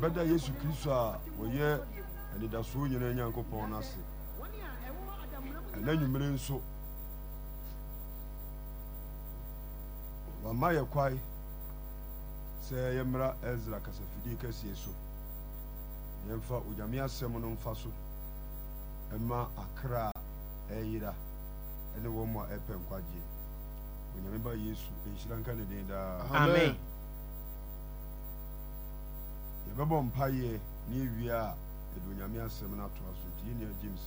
yɛbɛda yesu kristo a wɔyɛ anidasoɔ nyinaa nyankopɔn no ase ɛna nwummere nso wama yɛ kwae sɛ yɛmmra ɛsra kasafidie kɛseɛ so yɛmfa onyame asɛm no mfa so ɛma akra a ɛyera ɛne wɔn mu a ɛpɛ nkwagyeɛ onyame ba yesu ɛnhyira nka ne den daa amen yɛbɛbɔ mpayɛ ne ɛwie a yɛde onyame asɛm no atoa so nti yɛnua james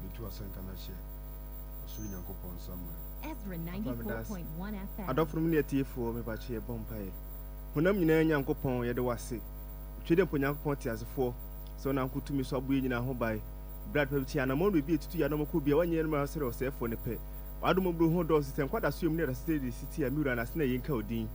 bɛtu asɛnka no hyɛ ɔsoro nyankopɔn nsa ne atiefoɔ mepakye yɛbɔ mpayɛ honam nyinaa nyankopɔn yɛde wo ase twe dɛ mpo nyankopɔn teasefoɔ sɛ wonanko tumi so aboɛ nyinaa ho bae brad pɛ kyi anammɔn no bi ɛtutu yɛanɔmɔkɔ bia woanyɛ no ma sɛrɛ ne pɛ wadomɔburo ho dɔɔso sɛ nkwada so yɛm ne ɛdasɛ sɛ de siti a mewura no ase na yɛnka odin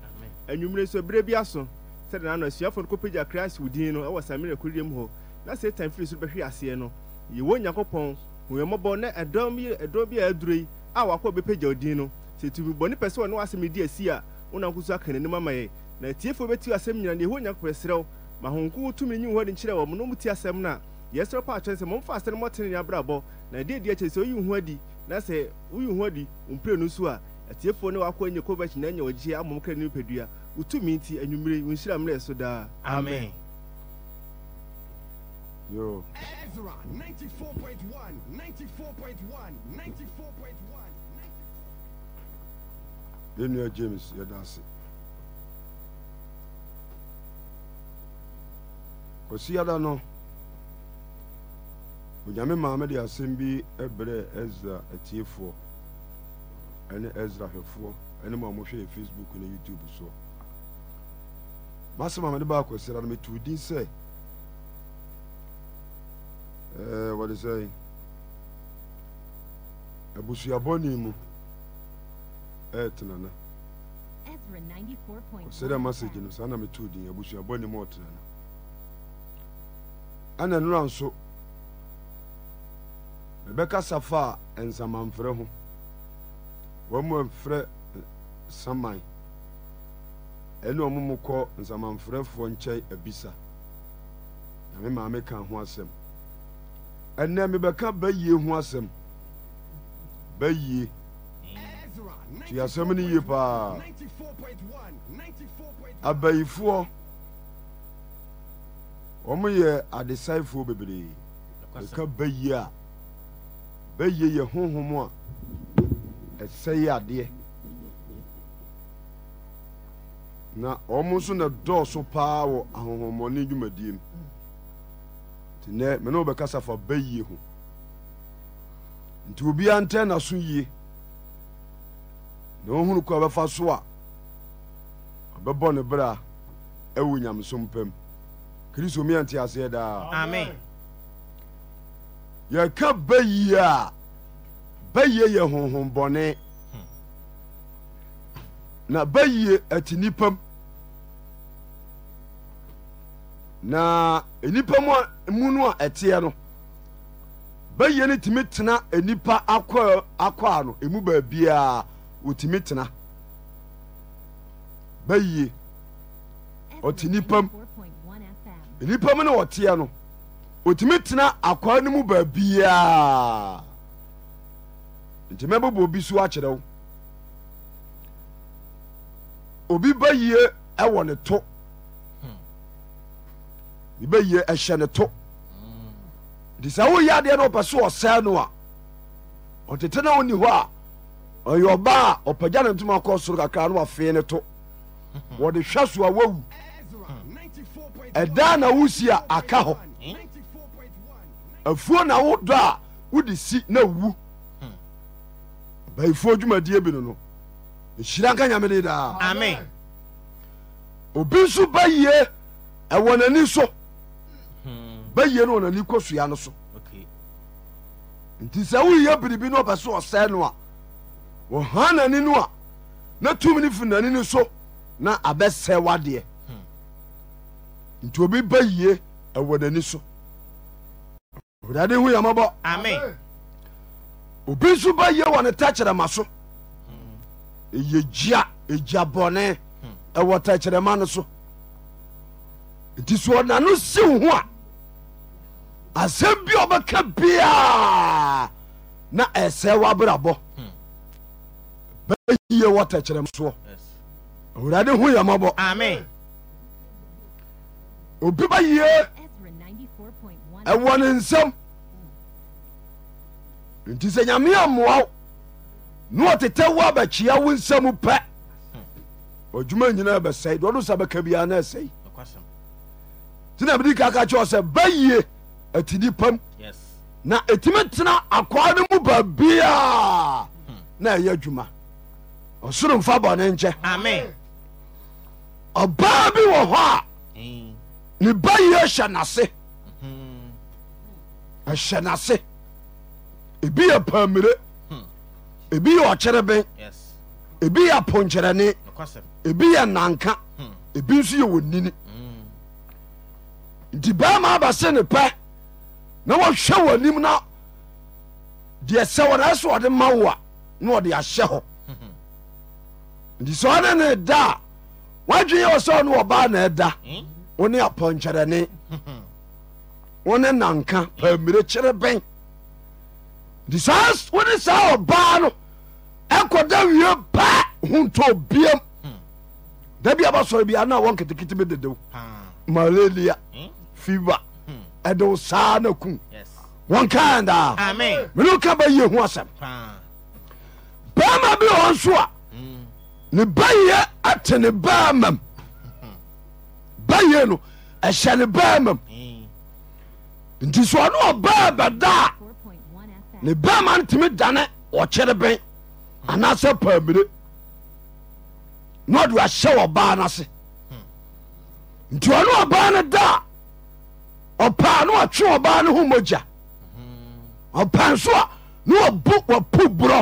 anwummere so berɛ bi aso sɛde n'ano asuafo no kɔpagya christ wo din no ɛwɔ samira kɔdie mu hɔ na satan firi so bɛhwe aseɛ no yɛwɔ nyankopɔn hunyɛmmɔbɔ na ɛdɔm yi ɛdɔm bi a aduro yi a wakɔ bɛpagya wo din no sɛ tumi bɔne pɛ sɛ ɔne w'asɛm di asi a wo nanko so aka n'anim ama yɛ na atiefoɔ bɛti asɛm nyina ne yɛwɔ nyankopɔn serɛw ma honko tumi nyi hɔ de nkyerɛ wɔ mo na ɔmuti asɛm no a yɛsrɛ pa akyɛn sɛ momfa asɛm mmɔtene ne abrabɔ na ɛdeɛ di akyɛ sɛ woyi ho adi na sɛ woyi ho adi wo mprenu so a atiefoɔ ne wakɔ nyɛ kɔbɛkyi na anya wɔgyeɛ amom kra ne nipadua wotumi nti anwummere wɔnhyira mmerɛ so daa amen Yo. Ezra 94.1, 94.1, 94.1. Then you are James, you're dancing. Osi ada no. Onyame maame de asɛm bi brɛ Ezra atiefoɔ ɛne Ezra hwɛfoɔ ɛne ma wɔhwɛ Facebook ne YouTube so masɛm amane baa kwasira no metoo din sɛ wɔde sɛ abusuabɔne mu ɛɛtenana ɔsɛdɛ masage no saa na metoo din abusuabɔne mu ɔtenana ɛna nnora nso mebɛkasa fa a ɛnsamanfrɛ ho wɔn mu ɛmfrɛ saman ɛne ɔmo mo kɔ nsamanfrɛfoɔ nkyɛn abisa na me maame ka ho asɛm ɛnɛ mebɛka bɛyie ho asɛm bɛyie nti asɛm no yie paa abayifoɔ wɔmo yɛ adesaifoɔ bebree meka bɛyie a bɛyie yɛ honhom a ɛsɛe adeɛ na wɔn nso na dɔɔso paa wɔ ahonhommɔne dwumadie mu nti nɛ mɛ ne wɔbɛkasa fa bɛyie ho nti obiara ntɛn n'aso yie na ohun kɔ bɛfa so a ɔbɛbɔ ne bra ɛwɔ nyamesom pɛm kristo mi ante aseɛ daa amen yɛka bɛyie a bɛyie yɛ honhommɔne na bayie ati nipa mu na nipa mu a mu no a ɛteɛ no bayie no tumi tena nipa akɔ akɔ ano emu baabiara wotumi tena bayie ɔte nipa mu nipa mu no wɔteɛ no otumi tena akɔa no mu baabiara nti mɛbɛbɔ obi so akyerɛ wo obi ba yie ɛwɔ ne to ne hmm. ba yie ɛhyɛ ne to nti sɛ woyɛ adeɛ no ɔpɛ so ɔsɛe no a ɔtete na ɔnni hɔ a ɔyɛ ɔba a ɔpagya ne ntoma kɔ soro kakra na wafee ne to hmm. wɔde hwɛ so a wawu hmm. ɛdaa na wosi a aka hɔ afuo na wodɔ a wode si na wu abayifoɔ dwumadie bi no no ɛhyira nka nyame de daa amen obi nso ba yie ɛwɔ n'ani so hmm. ba yie no wɔ n'ani kɔ sua no so nti sɛ woyɛ biribi no ɔpɛ so ɔsɛe no a wɔha n'ani no a na tumi no fi n'ani no so na abɛsɛe wadeɛ hmm. nti obi ba yie ɛwɔ n'ani so awurade hu yamabɔ amen obi nso ba yie wɔ ne tɛkyerɛma so ɛyɛ gyia ɛgya bɔne ɛwɔ hmm. tɛkyerɛma no so nti sɛ ɔnano siw ho a asɛm bia ɔbɛka biaa na ɛsɛe wabrabɔ hmm. bɛyie wɔ tɛkyerɛm soɔ awurade ho yɛmɔbɔ obi bɛyie ɛwɔ ne nsɛm nti sɛ nyame ammoaw ne ɔtetɛ wo abɛkyea wo nsɛm pɛ adwuma nyinaa bɛsɛe deɛ ɔno sa bɛka biara na ɛsɛe nti na mede kaka kyerɛ sɛ bɛyie atidi pam na ɛtumi tena akwaa no mu baabiaa hmm. na ɛyɛ adwuma ɔsoro mfa bɔne nkyɛ ɔbaa bi wɔ hɔ a ne bayie hyɛ n'ase mm-hmm. ɛhyɛ n'ase ebi yɛ pammire ebi yɛ ɔkyerebe ebi yɛ ponkyerɛne ebi yɛ nanka hmm. ebi nso yɛ wɔnini hmm. nti bɛrima abɛse ne pɛ na wɔhwɛ wɔ anim na deɛ sɛ wɔn ɛsɛ ɔde ma wo a na ɔde ahyɛ hɔ hmm. nti sɛ ɔne ne da a wadwene yɛ wɔ sɛ ɔne ɔbaa na ɛda wo ne apɔnkyerɛne wo ne nanka paammire kyere bɛn nti saa wo ne saa ɔbaa no ɛkɔda wie paa honto biam hmm. da bi abasɔre bi ana wɔ nketekete bi dedew malaria hmm. fiba hmm. ɛdew saa na ku wɔnkaa daa mene ka bɛyie ho asɛm bɛrima bi wɔ nso a ne bayɛ ate ne baa mam bayɛ no ɛhyɛ ne baa mam nti sɛ ɔne ɔbaa bɛda a ne bɛrima ntimi dane ɔkyere ben anaasɛ paamire na ɔde ahyɛ wɔ baa no ase nti ɔne ɔbaa no da a ɔpaa na ɔtwe ɔbaa no ho mogya ɔpaa nso a na wɔbu wɔpo borɔ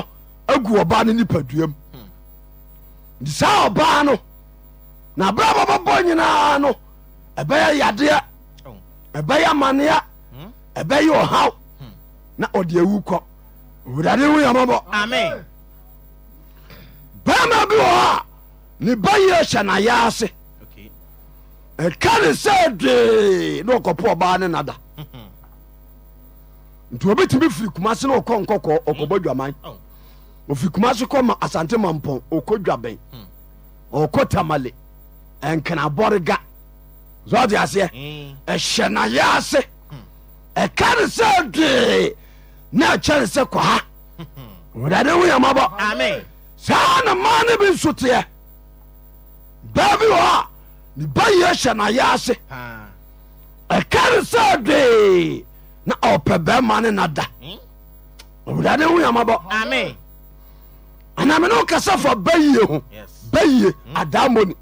agu ɔbaa no nipaduam nti saa ɔbaa no na berɛ bɔbɔbɔ nyinaa no ɛbɛyɛ yadeɛ ɛbɛyɛ amanneɛ hmm? ɛbɛyɛ ɔhaw na ɔde awu kɔ owurade ho yamɔbɔ bɛima bi wɔ hɔ ne ba yɛ ase ɛka ne sɛ dee na ɔkɔpɔ ɔbaa ne nada mm-hmm. nti obɛtumi firi kuma na ɔkɔ nkɔkɔ ɔkɔbɔ mm. dwaman oh. ma asante ma mpɔn ɔkɔ dwabɛn hmm. ɔkɔ tamale ɛnkenabɔre ga ase mm. hmm. ɛka ne na ɛkyɛ ne sa ne mane bi nsu teɛ baabi hɔ a e ba yie hyɛ na yaase ɛkare sɛ dee na awopɛ bɛ ma ne na da owao yaab anameno wo ka sɛfa hmm. ba yieho baye adamoni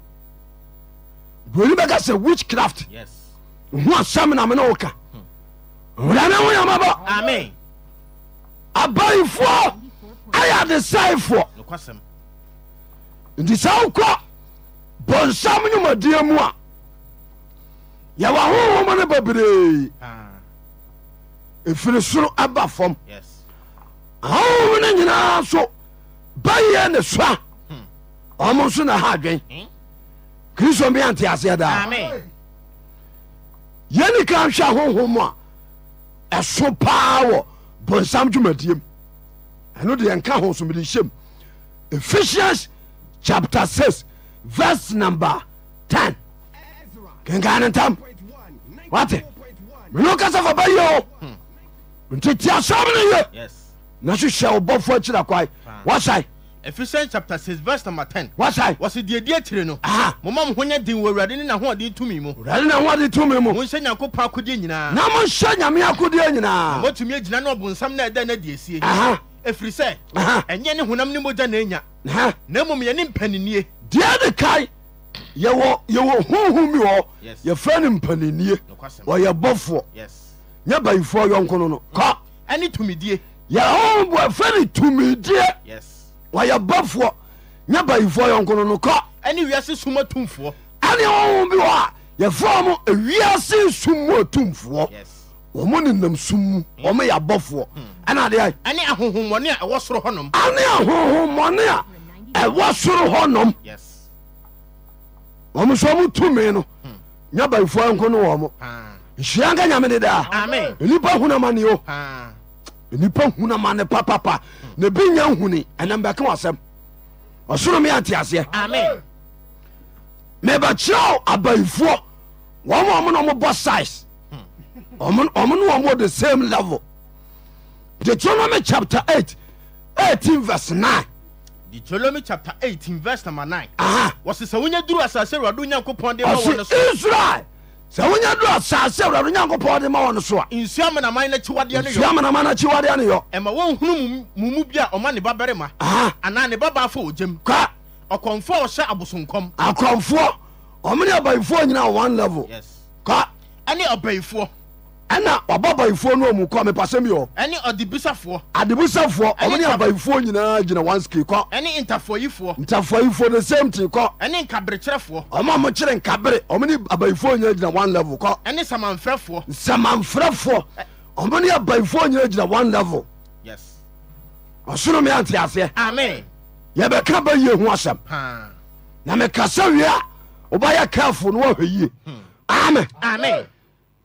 boni bɛka se wichcraft ohuasame namene woka owradeo yaababaf ayɛ ade sɛefoɔ nti sa nkɔ bɔnsam nnwumadiɛ mu a yɛwɔ honhom no babree ɛfiri ah. soro ɛba fam ahohom no nyinaa so ba yɛ ne soa hmm. ɔmo nso na haadwen hmm. kristo mianteaseɛ daa yɛnika nhwɛ honhom a ɛso paa w bsa wmadm ɛno deɛ nka ho so mede nhyɛm ephesians chapter six, verse number 10 kenka ne ntam wate mene wokasa fa bɛyɛ o nti te asɛm no ye na hyehyɛ wo bɔfoɔ akyira kwae wasae ephesians chapter six verse number ten. wasaɛ. wɔsi die die tiri no. mo ma mo ho nya den wɔ awurade ne n'ahoɔden tumi mu. awurade ne n'ahoɔden tumi mu. mo nhyɛ nyako pa akodie nyinaa. na mo nhyɛ nyame akodie nyinaa. na mo tumi egyina n'ɔbɔnsam na ɛda na die sie ɛfiri sɛ ɛnyɛ ne honam ne mogya na anya na mmom yɛne mpaninie deɛ de kae yɛwɔ yɛwɔ honhom bi wɔ yɛfrɛ no mpaninie ɔyɛ bɔfoɔ nyɛ bayifoɔ yɔnko no no kɔ ɛne tumidie yɛhom bɔfrɛ no tumidie ɔyɛ bɔfoɔ nyɛ bayifoɔ yɔnko no no kɔ ɛne wiase suma tumfoɔ ɛne honhom bi wɔ a yɛfrɛ mo ewiase suma yes wɔn nenam sum mu wɔn yɛ abɔfoɔ ɛna adeɛ ayi. ɛne ahohomɔne a ɛwɔ soro hɔnom. ɛne ahohomɔne a ɛwɔ soro hɔnom. wɔn nso wɔn tumi no hmm. nya bayifo nko no wɔn nhyia nka nyame de daa nipa hunamane o nipa hmm. ni papapa na ebi nya nhuni ɛnam bɛka wasɛm ɔsoro mi ate aseɛ mebɛkyerɛw abayifoɔ wɔn a wɔn na mo bɔ size ɔmo ne ɔmo the same level deuteronomy chapter eight eighteen verse nine. deuteronomy chapter eighteen verse number nine. wɔsi sɛ wonye duru asase awurade onyankopɔn de ma wɔn no so. ɔsi israel sɛ wonye duru asase awurade onyankopɔn de ma wɔn no so a. nsu amanaman n'akyiwadeɛ no yɔ. nsu amanaman n'akyiwadeɛ no yɔ. ɛma wɔn hunu mu mu bi a ɔma ne ba barima. anaa ne ba baafo ogyem. ka ɔkɔnfoɔ ɔhyɛ abosonkɔm. akɔnfoɔ ɔmo ne abayifoɔ one level. yes ka. ɛne abayifoɔ. ɛna waba abayifoɔ no ɔmu kɔ mepasɛm bi hɔ ɛne ɔdebusafoɔ adebusafoɔ ɔmo ne abayifoɔ nyinaa gyina one ski kɔ ɛne ntafoɔyifoɔ ntafoɔyifoɔ ne same tin kɔ ɛne nkaberekyerɛfoɔ ɔmo a mo kyerɛ nkabere ɔmo ne abayifoɔ nyinaa gyina one level kɔ ɛne samanfrɛfoɔ samanfrɛfoɔ ɔmo ne abayifoɔ nyinaa gyina one level yes ɔsoro me ante aseɛ amen yɛbɛka ba yie ho asɛm na mekasa wie a wobɛyɛ kafo no woahwɛ yie hmm. amen amen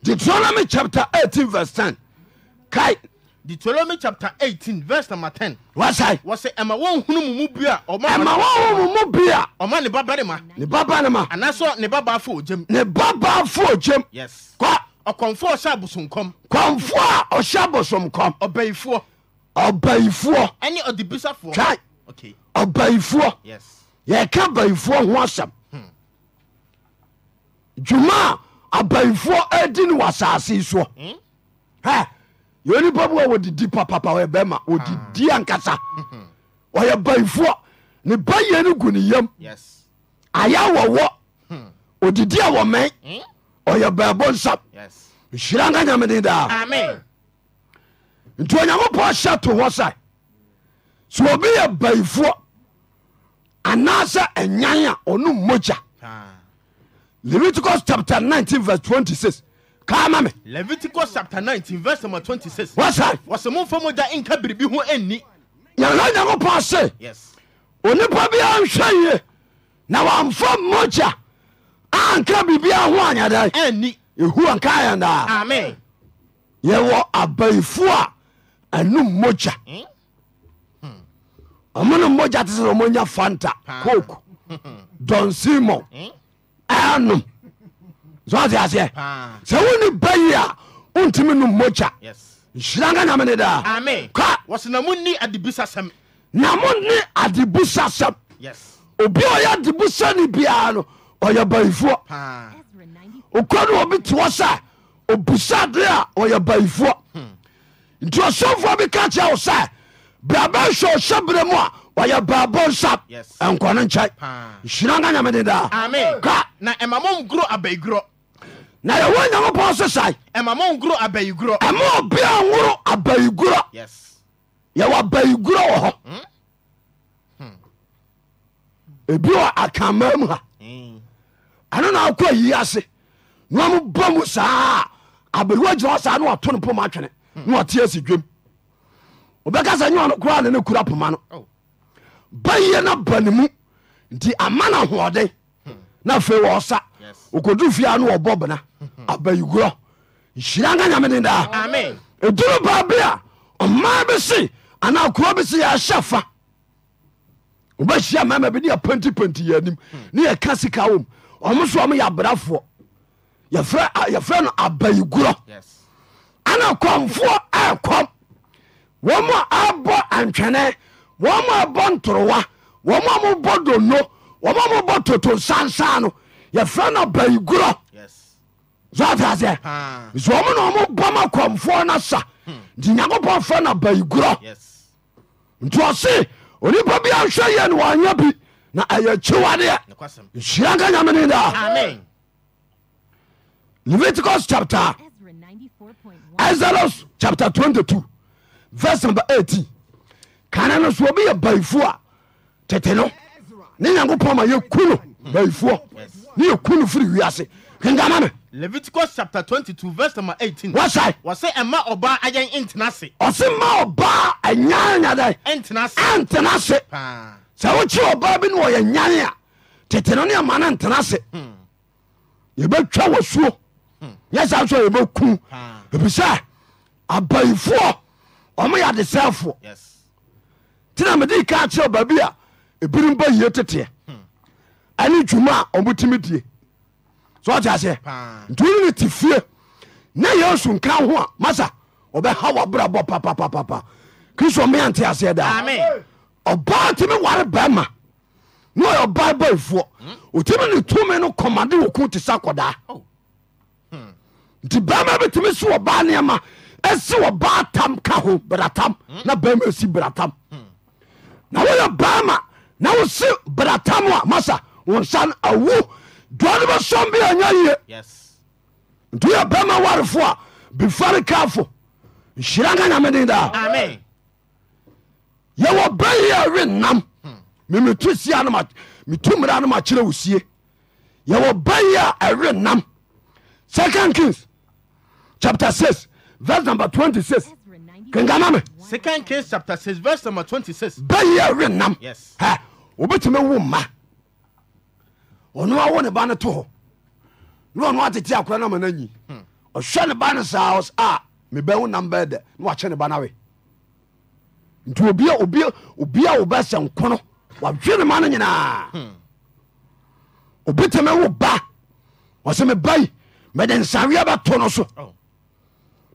deuteronomy chapter 18 verse 10 kae deuteronomy chapter eighteen verse number 10 wasae wɔsɛ ɛma wɔnhunu mu mu bi a ɛma wɔwo mu mu bi a ɔma ne babarima ne baba ne ma anaasɛ ne babaafo ogyam ne babaafo ogyam yes kɔ ɔkɔmfoɔ a ɔhyɛ abosonkɔm kɔmfoɔ a ɔhyɛ abosomkɔm ɔbayifoɔ ɔbayifoɔ ɛne ɔdebisafoɔ Kai. okay ɔbayifoɔ yes yɛka bayifoɔ ho asɛm dwuma hmm. a abayifoɔ adi no wɔ asase soɔ yɛnipa bi wa wɔdidi papapa ɔyɛ bɛma ɔdidi ah. ankasa hmm. ɔyɛ bayifoɔ ne ba yie gu ne yam aya wɔwɔ hmm. odidi a wɔmɛn hmm? ɔyɛ baabɔ nsam nhyira nka nyameden daa nti onyankopɔn hyɛ to hɔ sɛ sɛ obi yɛ bayifoɔ anaasɛ ɛnyan a ɔno mmogya ah leviticus chapter nineteen verse twenty 26 kama me leviticus chapter nineteen verse number twenty 26 wasan wɔsɛ momfa mogya nka biribi ho anni nyana nyankopɔn se yes onipa bia nhwɛ yie na wamfa mogya anka biribia ho anyadae anni ɛhu anka yɛndaa amen yɛwɔ abayifoɔ a ɛnom mogya hmm? ɔmo no mogya te sɛ ɔmonya fanta coke hmm, hmm. don simon hmm? ɛnom sɔɔte aseɛ sɛ wone bayi a wontimi no mogya nhyira nka nyame ne daa na monni adebusa sɛm obi a ɔyɛ adebusa ne biara no ɔyɛ bayifoɔ okɔ no obi te hɔ sɛ obusa de a ɔyɛ bayifoɔ hmm. nti ɔsɔmfoɔ bi ka kyerɛ wo sɛ brabɛ hwɛ ɔhyɛ berɛ mu a wɔyɛ baabɔ nsap nkɔno nkyɛe nhyira nka nyame den daa na ɛma mom goro na yɛwɔ nyankopɔn sesae ɛma mom goro abaigorɔ ɛma ɔbea nworo abaigorɔ yɛwɔ abaigorɔ wɔ hɔ ebi wɔ akama mu ha ɛno na akɔ yi ase na ɔmo bɔ mu saa abaiwa gyina hɔ saa na wɔto no poma atwene na wɔte asi dwam obɛka sɛ nyɛ ɔno koraa ne ne kura poma no bayɛ no ba ne mu nti ama no hoɔden na afei wɔɔsa okodu fiea no wɔbɔ bena abayigorɔ nhyira nka nyameden daa ɛduru baa bi a ɔma bi se anaa kuro bi se yɛahyɛ fa wobɛhyia mama bi ne yɛpantipanti yɛ anim hmm. ne yɛka sika wom ɔmo so ɔmo yɛ yɛfrɛ no abayigorɔ ana kɔmfoɔ ɛkɔm wɔm a abɔ antwɛne wɔma bɔ ntorowa ɔma mobɔ dono ɔmamobɔ toto nsansa no yɛfrɛ na ba iguro ssɛɔmo n ɔ mobɔ ma kɔmfoɔ no sa nt nyankopɔn frɛ na ba iguro nti ɔse onipa biahwɛ yɛ no wɔayɛ bi na ɛyɛ kyewadeɛ nsyira nka nyamene daa lvitcus chatexus chapt 22 vs8 kana no so obi yɛ baifo a tete no ne nyankopɔn ma yɛku no baifoɔ ne yɛku no firi wiase kenkama me leviticus chapter 22 verse number 18 wasae wɔse ɛma ɔbaa ayɛn ntena ase ɔse ma ɔbaa ɛnyane nyadae ntena ase antena ase sɛ wokyi ɔbaa bi ne wɔyɛ nyane a tete no ne ɛma no ntena ase hmm. yɛbɛtwa wasuo yɛ saa nso a yɛbɛku ebisɛ abayifoɔ ɔmo yɛ adesɛfoɔ yes tina mede ka kyerɛ baabi a ebirim ba yie teteɛ ɛne dwuma a ɔmotumi die so ɔte aseɛ nti ne te fie na yɛsu nka ho a masa ɔbɛha wabrabɔ papapapa kristo meyante aseɛ daa ɔbaa tumi ware bɛma na ɔyɛ ɔbaa baifoɔ ɔtumi ne tumi no kɔmade wɔ ko te sa kɔdaa oh. hmm. nti bɛma bitumi se wɔbaa nneɛma ɛsi wɔbaa tam ka ho bratam hmm. na bɛma asi bratam mm. naweye bama nawose bra tamua masa onsan awu dunebe son bia ya ye intye bama ware foa bifare ka fo nsera ka yamede de yewo baye ae nam mmetum nemchere wosie yewo baye ae nam seon kings chapte 6 se n 6 kenkana me second kings chapter six verse number 26 bɛyɛ we nam Yes. Ɛ, obɛtumi wo mma ɔno awo ne ba no to hɔ na ɔno atete akora no ma no anyi ɔhwɛ ne ba no saa ɔs- a mebɛ wo nam bɛɛ dɛ na wakyɛ ne ba no awe nti obia obia obia wo bɛsɛ nkono wahwe ne ma no nyinaa obi teme wo ba ɔsɛ meba yi mede nsaweɛ bɛto no so Oh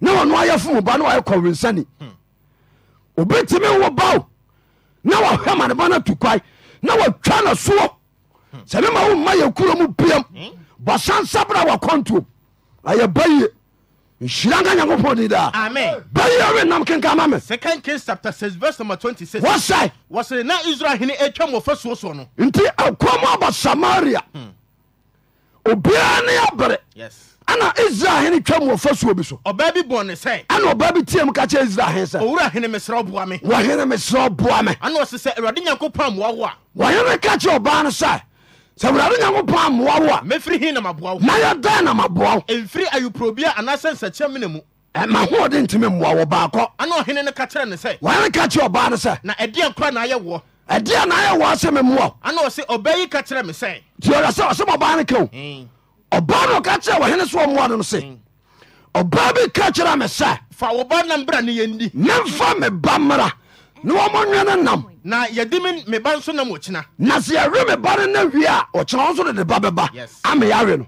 na ɔno ayɛfo mu ba na wayɛ kɔwensani hmm. obɛtumi wo bao na wahwɛ maneba no atu kwae na watwa na soɔ hmm. sɛ mema womma yɛ kuro mu piam hmm. bɔsansa bra wakɔntuom ayɛ ba yie nhyira nka nyankopɔn di daa bɛyɛ we nam kenka ma me wɔsɛe nti akɔm aba samaria obiara ne abere ana israel hene twa mu wɔfa suo bi so ɔbaa bi sɛ ana ɔbaa bi ka kyerɛ israel sɛ owura hene mesrɛ boa me wɔhene mesrɛ boa me ana ɔse sɛ awurade nyankopɔn wo a wɔhene ka kyerɛ ɔbaa no sɛ sɛ awurade nyankopɔn na maboa wo mayɛ dan na maboa wo ɛmfiri ayuporobia anaasɛ nsɛkyɛm no mu ntimi mmoa wɔ baakɔ ana ɔhene ka kyerɛ na ɛdeɛ na ayɛ woɔ na ayɛ sɛ ana ɔse ɔbaa yi ka kyerɛ me sɛ nti no o hmm. ɔbaa no ɔka kyerɛ wɔhene so ɔmoa no no se ɔbaa bi ka kyerɛ me sɛ fa wo ba nam bra ne yɛndi memfa me ba mmara na wɔmɔnwɛ no nam na yɛde me ba nso nam ɔkyena na sɛ yɛwe me ba no na wie a ɔkyena wo nso de de ba bɛba ameyɛawe no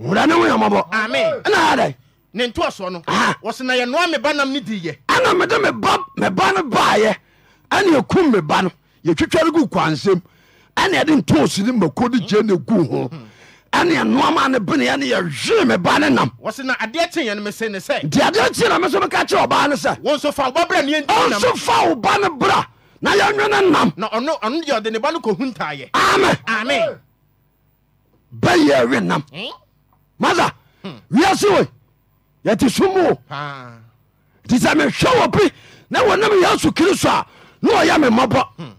wura ne ho yamabɔ amen ɛna adɛn ne ntoa soɔ no wɔse na yɛnoa me ba nam ne diiyɛ ɛna mede me ba me ba no baayɛ ɛne ɛkum me ba no yɛtwitwa no gu kwansɛm ɛne ɛde ntoo sini mako de gye ne gu ho hmm ɛne ɛnoama ne beneɛ ne yɛhwere me ba ne nam wɔse adeɛ kye na me meka kyerɛ ɔbaa ne sɛ fa wo ba ne bra na yɛnwe ne nam ame bɛyɛ we nam masa hmm? hmm. wiase we yɛte som o ah. nti sɛ mehwɛ wɔ bi na wɔnam yesu kristo a na ɔyɛ me mmɔbɔ hmm.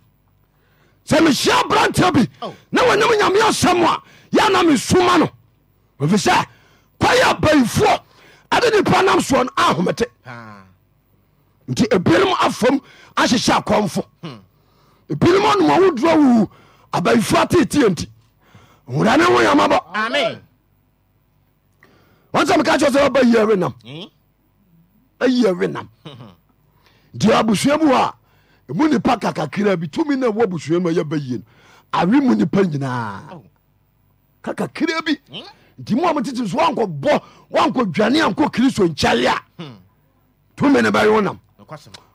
sɛ mehyia aberanteɛ bi oh. na wɔnam nyame asɛm a yana mesoma no efisɛ kwayɛ baifoɔ ade nipa nam soɔ no ahomete nti ebinom afam ahyehyɛ akɔmfo hmm. ebinom anomawodoɔ wu abaifoɔ ateetie nti wura ne ho yamabɔ wọn sọ mi ká kyerɛ sɛ ɔba yi nam hmm? ɛyi ɛwe nam di abusua mu a emu nipa kakakira bi tumi na ɛwɔ abusua mu ɛyɛ bɛ yie awi mu nipa nyinaa. Oh kakakra bi nti mu a motete so wankɔbɔ wankɔ dwane ankɔ kristo nkyɛle a tumi ne bɛyo nam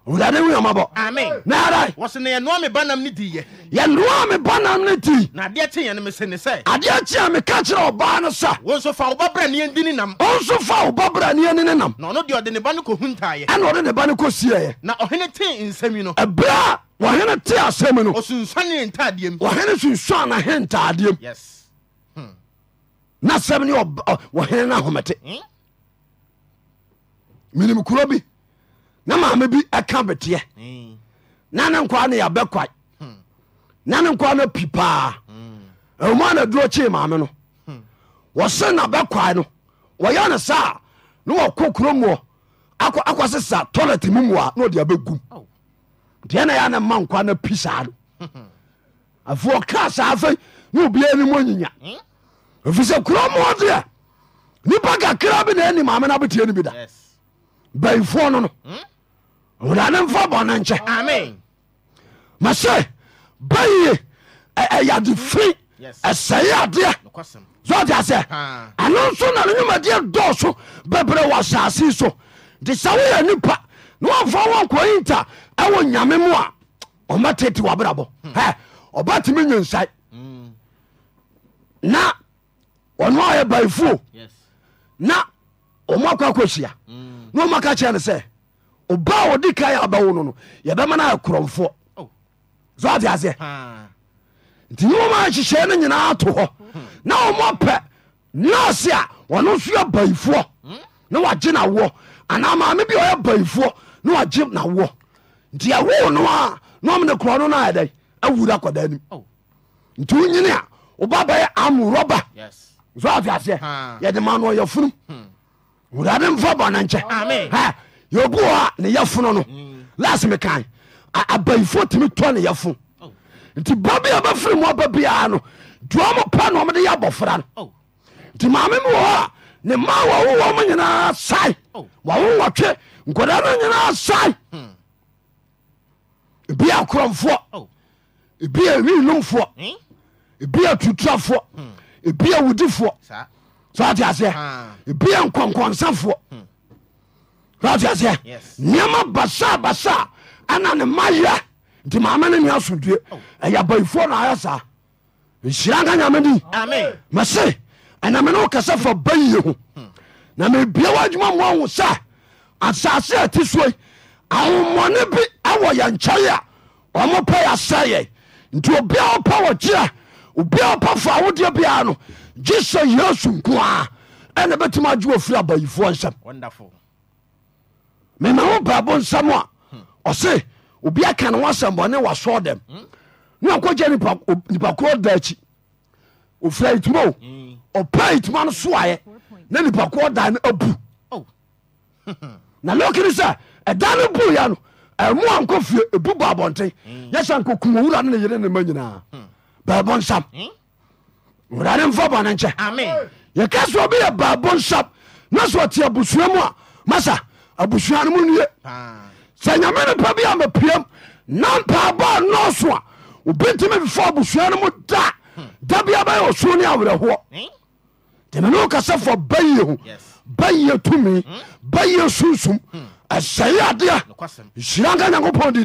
wurade wu yamabɔ amen naara wɔsi na yɛnoa mi banam ni di yɛ yɛnoa mi banam ni di na adeɛ kye yɛn mi se ne sɛ adeɛ kye yɛn mi ka kyerɛ ɔbaa no sa wɔn nso fa ɔba bra niyɛn di ni nam wɔn nso fa ɔba bra niyɛn di ni nam na ɔno deɛ ɔde ne ba no ko hun taa yɛ ɛna ɔde ne ba no ko si yɛ na ɔhene te nsɛm yi no ɛbra wɔhene te asɛm no ɔsunsuan ne ntaadeɛ mu wɔhene sunsuan na he ntaadeɛ mu yes. na sɛm ne wɔhene no ahomete menim hmm? kuro bi na maame bi ɛka beteɛ hmm. na ne nkoa no yɛbɛ kwae hmm. na ne nkoa no pi paa ɛwoma na duro kyee maame no wɔse na bɛkwae no wɔyɛ no saa na wɔko kuro muɔ akɔ sesa toilet mu mu a na ɔde abɛgum oh. deɛ na yɛ ne ma nkoa no pi saa no afei kra saa afei na obiara no mu anyinya ɛfisɛ kuro mɔ deɛ nipa kakra bi na ɛni maame na abotie no bi da bayifoɔ no no hmm? wura ne mfa bɔ ne nkyɛ mɛsɛ bayiye ɛyade firi ɛsɛyɛ adeɛ sɛ ɔde asɛ ɛno nso na no nnwumadeɛ dɔɔso bɛbrɛ wɔ asase so nti sɛ woyɛ nipa na wɔmfa wɔ nkɔyi nta ɛwɔ nyame mu a ɔmɛtete wabrabɔ hmm. ɔbɛtumi nyansae hmm. na ɔno ayɛ baifuo na ɔmo akɔ akɔhyia mm. na ɔmo aka kyerɛ no sɛ ɔba a ɔdi ka yɛ abɛwo no no yɛbɛma no ayɛ korɔmfoɔ oh. so ate aseɛ nti ne wɔma ahyehyɛ no nyinaa to hɔ hmm. na ɔmo pɛ nurse a ɔno nso yɛ baifoɔ hmm? na wagye nawoɔ anaa maame bi ɔyɛ baifoɔ na wagye nawoɔ nti ɛwoo no a na ɔmo ne korɔ no no ayɛ dɛ awura akɔdaa nim oh. nti wonyini a ɔba bɛyɛ amorɔba soafiaseɛ yɛde ma no ɔyɛ funum wurade mfa bɔne nkyɛ yɛobu hɔ a ne yɛfono no las mekan abayifo tumi tɔ ne yɛfo nti ba bia bɛfiri mu aba biara no dua mo pa na ɔmde yɛ abɔfra no oh. nti maame mi wɔ hɔ a ne ma wɔwowɔ mo nyinaa sae oh. wɔwowɔtwe nkɔda no nyinaa sae hmm. ebia korɔmfoɔ oh. ebia winomfoɔ hmm? ebia tuturafoɔ hmm ebia wodifoɔ soate aseɛ ebia nkɔnkɔnsafoɔ hmm. soate aseɛ nneɛma basaa basaa ana ne ma yɛ nti maame ne nea asomdue oh. ɛyɛ abayifoɔ na ayɛ saa nhyira nka nyame din mese ɛname ne wokɛsɛ fa ba yie ho na mebia wa adwuma mmoa ho sɛ asase a ɛte soi ahommɔne bi awɔ yɛ nkyɛe a ɔmo pɛ yɛ asɛ yɛ nti obiaa wɔpɛ wɔ kyerɛ obia ɔpafa wodeɛ biaa no gye sɛ yesu nko a ɛna bɛtumi agye wɔfiri abayifoɔ nsɛm mema wo baabo nsɛm a ɔse obia ka ne wasɛm bɔne wasɔ dɛm hmm. ne akɔgya da akyi ofira ituma hmm. ɔpa ituma no na nipa korɔ da no abu oh. na lɔkiri sɛ ɛda no bu ya no ɛmu ankɔ fie ebu baabɔnten hmm. yɛsɛ nkɔ kumowura no ne yere ne ma nyinaa baabo nsam hmm? wurade mfa bɔne nkyɛ yɛka sɛ obi yɛ baabo nsam na sɛ ɔte abusua mu a masa abusua no mu nue ah. sɛ nyame no pa bi a mapiam na mpaabɔ nɔɔso a obintimi fifa abusua no mu da hmm. da bia bɛyɛ ɔsuo ne awerɛhoɔ hmm? tẹmẹnu kasa fọ ho bẹyẹ tumi bẹyẹ sunsun ẹsẹyẹ adiẹ nsira nka nyanko pọn di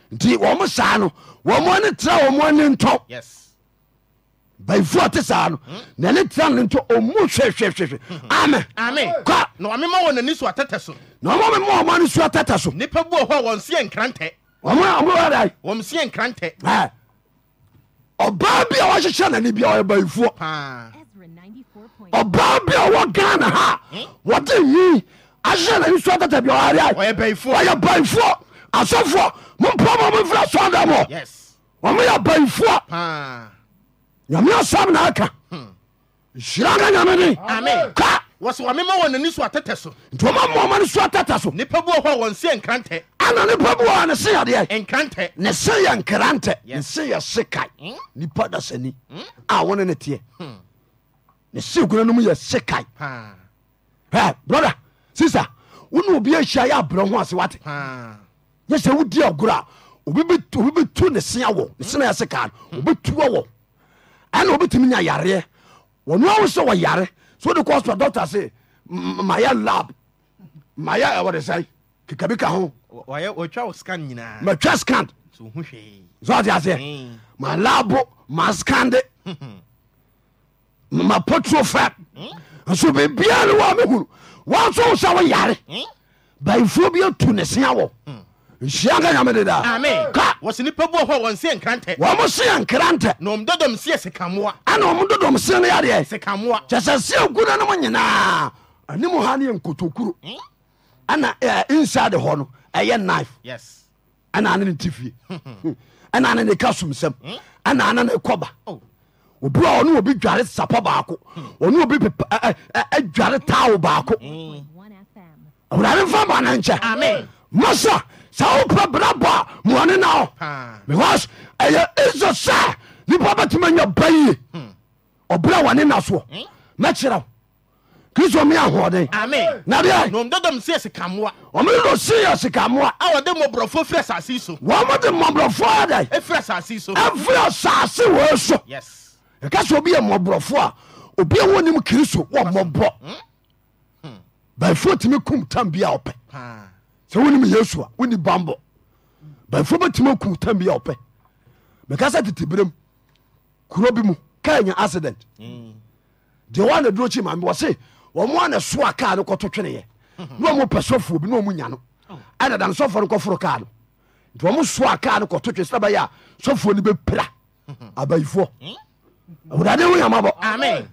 nti wɔmo saa no wɔmoane tra wɔmoane ntɔ baifo ɔte saa no hmm? nane tra no ntɔ ɔmu hwɛhwɛhwɛhwɛ ame na ɔmema wɔ nani so atɛtɛ so na ɔmɔmema ɔma no su atɛtɛ so nipa bu hɔ wɔn seɛ nkrantɛ ɔmɔmɔda wɔm seɛ nkrantɛ ɔbaa bi a wɔhyehyɛ nane bi a ɔyɛ baifoɔ ɔbaa bi a wɔ ghana ha hmm? wɔde yi ahyehyɛ nane so atɛtɛ bi ɔyɛ baifoɔ asɔfoɔ mompɔ ma momfra sɔda mɔ ɔmoyɛ bayifoa nyame asɛm na aka nhyira nka nyame de wɔsɛ wɔmema wɔ nani so atɛtɛ so nti ɔma mmɔma no so atɛtɛ so nipa bi wɔ wɔn se nkrantɛ ana nipa bi wɔ ne se yɛ nkrantɛ ne se yɛ nkrantɛ ne se yɛ sekae nipa dasani hmm? a wɔne ne teɛ hmm. ne se kuna no mu yɛ sekae eh, ɛ brɔda sisa wo ne obi yɛ abrɛ ho ase wate yɛsɛ wodi agorɔ a obi bɛtu ne sea wɔ ne sena yɛse ka no obɛtu wɔ ɛna obɛtumi nya yareɛ wɔno awo sɛ wɔyare sɛ wode kɔ hospital doctor se mayɛ lab mayɛ wɔde sɛe kekabi ka ho matwa scan sɔde aseɛ malabo maskande mapotro fat nso biribiaa ne wɔ mehunu wɔnso wo sɛ woyare bayifuo bi atu ne sea wɔ nhyia nka nyame deda ka wɔsi nipa bu ɔhɔ wɔn seɛ nkrantɛ wɔn mo seɛ nkrantɛ na wɔn dodom seɛ ana wɔn dodom seɛ no yadeɛ sikamoa kyɛ sɛ seɛ gu na no mo nyinaa ɛne mo ha no yɛ nkotokuro hmm? ɛna inside hɔ no ɛyɛ knife ɛna ane ne tifie ɛna ane ne ka somsɛm hmm? ɛna ane ne kɔba oh. obi a ɔne obi dware sapɔ baako hmm. ɔne obi dware tawo baako awurade mfa ba ne nkyɛ masa sɛ wopɛ brabɔ a moane na hɔ because ɛyɛ iso sɛ nipa bɛtumi anya ba yie hmm. ɔbrɛ wane na soɔ hmm? mɛkyerɛ kristo me ahoɔden nadeɛ ɔmedodo seyɛ sikamoa wɔmde mmɔborɔfoɔ firi asase wɔ e so ɛka sɛ obi yɛ mmɔborɔfoɔ a obi a wɔnim kristo wɔ mmɔborɔ hmm? bɛfoɔ tumi kum tam bi a ɔpɛ sɛ wonim yesu a woni bambɔ bɛmfo bɛtumi aku tam bia wɔpɛ mekasɛ tete berɛm kuro bi mu kaa nya accident deɛ wa na duro kyi maame wɔse wɔmo ana so a kaa no kɔto tweneɛ na ɔmo pɛ sɔfoɔ bi na ɔmo nya no ɛna da no sɔfoɔ no kɔforo kaa no nti ɔmo so a kaa no kɔto twe sɛ bɛyɛ a sɔfoɔ no bɛpira abayifoɔ awurade ho yamabɔ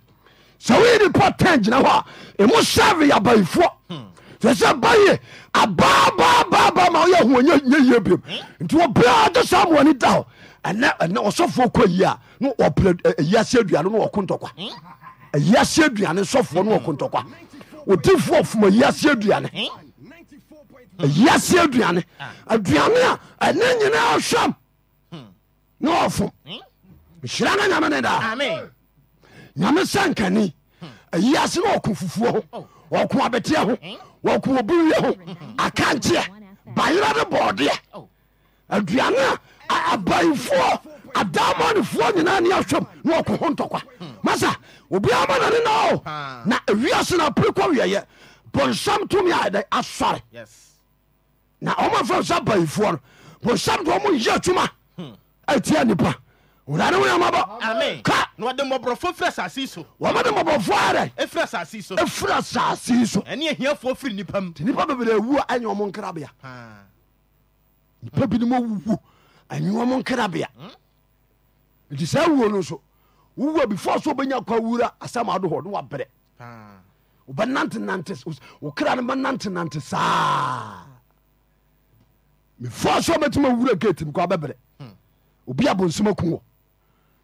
sɛ woyi nipa ten gyina hɔ a ɛmo serve abayifoɔ sɛsɛ baye ababababa ma woyɛ ho nyɛ yie biom nti wɔbia de saa mmoani da hɔ ɛnɛ ɛnɛ ɔsɔfoɔ kɔ yi a na ɔpɛ ayiase aduane na ɔko ntɔkwa ayiase aduane sɔfoɔ na ɔko ntɔkwa odifoɔ fuma ayiase aduane ayiase aduane aduane a ɛnɛ nyinaa hwam na ɔfom nhyira na nyame ne daa nyame sɛ nkani ayiase na ɔko fufuo ho ɔko abeteɛ ho wɔko obi wie ho akanteɛ bayera de bɔɔdeɛ oh. aduane a abayifoɔ adamɔnefoɔ nyinaa ne ahwɛm na wɔko ho ntɔkwa hmm. masa obiara ma nane na o na awiase no apere kɔ wiɛyɛ bɔnsam tumi a asɔre na ɔma fɛm sɛ abayifoɔ no bɔnsam de ɔmo yɛ adwuma atia hmm. nipa wurade woyamabɔ ka eroffri sio bkraao o ea ra sa ass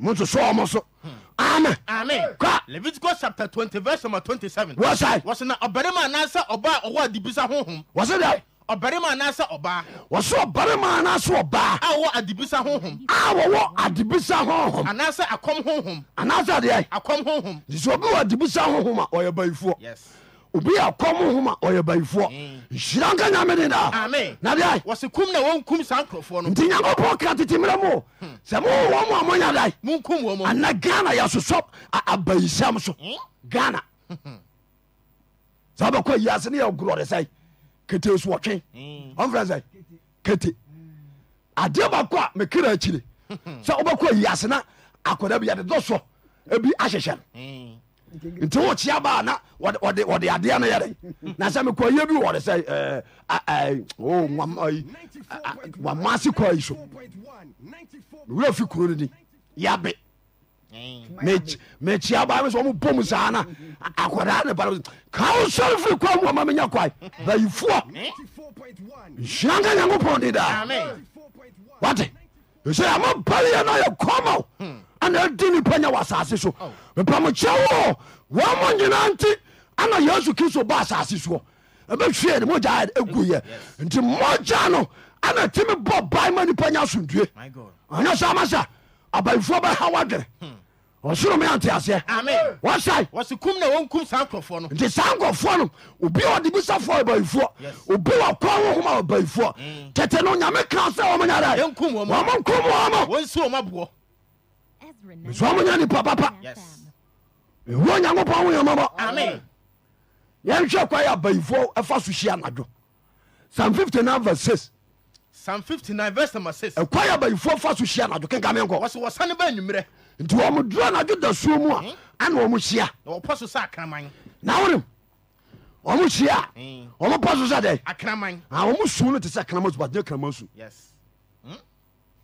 mososo ɔmo so amen. amen kọ́. leviticus chapter twenty verse number twenty seven. wọ́n sáyé. wọ́n sẹ́nà ọ̀bẹ̀rẹ̀mà anásá ọba ọwọ́ adibisa huhun. wọ́n sẹ́ dẹ́. ọ̀bẹ̀rẹ̀mà anásá ọba. wọ́n sọ ọ̀bẹ̀rẹ̀mà anásá ọba. a wọ adibisa huhun. a wọwọ adibisa huhun. anásá akɔm huhun. anásá deɛ. akɔm huhun. sísè obi wọ adibisa huhun ma ɔyɛ bayifuɔ. yes obi a kɔm homa ɔyɛ bayifoɔ mm. nhyira nka nyamede daanti nyankopɔn ka tete mmerɛ hmm. mo sɛ mowɔ wɔ mo a monya dae ana ghana yɛsosɔ abayisɛm so hmm? ghana hmm. saa bɛkɔ yiase ne yɛgorɔde sɛ kete soɔtwe ɔmfrɛ sɛ kete adeɛ bakɔ a mekra akyire sɛ wobɛkɔ yiase na akɔda bi yɛde dɔ ebi ahyehyɛ no nti wo kyea baa na wɔde adeɛ no yɛre na sɛ mekɔyɛ bi wɔde sɛ eh, eh, eh, oh, wamase kɔ yi so wura fi kuro no ni yabe mekyia baa me sɛ ɔmo bom saa na akɔdaa ne bara ka wo sɔre firi kɔ mu ɔma menya kwae bayifoɔ nhyira nka nyankopɔn de daa wate sɛ ɛma bayɛ no yɛ kɔma ana adi nipa nya wɔ asase so mepamokyɛ wo wɔmɔ nyina nti ana yesu kristo ba asase soɔ ɛbɛhwie ne mogya ɛgu yɛ nti mogya no ana timi bɔ bae ma nipa nya asomdue ɔnyɛ sɛ ama sɛ abayifoɔ bɛha wadwene ɔsoro me ante aseɛ wɔsae nti saa nkɔfoɔ no obi a ɔde bisafoɔ abaifoɔ obi wɔ kɔ wohoma abaifoɔ mm. tete no nyame ka sɛ ɔmonyadaɔmo nkom ɔmo so ɔmonya nipa papa ɛwu onyankopɔn woyamɔbɔ yɛnhwɛ kwa yɛ abaifoɔ ɛfa so hyi anadwo psalm 59 verse 6 ɛkwa yɛ abaifoɔ fa so hyi anadwo kenka menkɔ wɔsane ba anwummerɛ nti wɔm dura nadwo da suo mu a hmm? ana wɔm hyia wɔpɔ so sɛ akraman na wonem ɔmo hyia a hmm. ɔmo pɔ so sɛ dɛn akraman ah, ɔmo su no te sɛ kraman su batene kraman su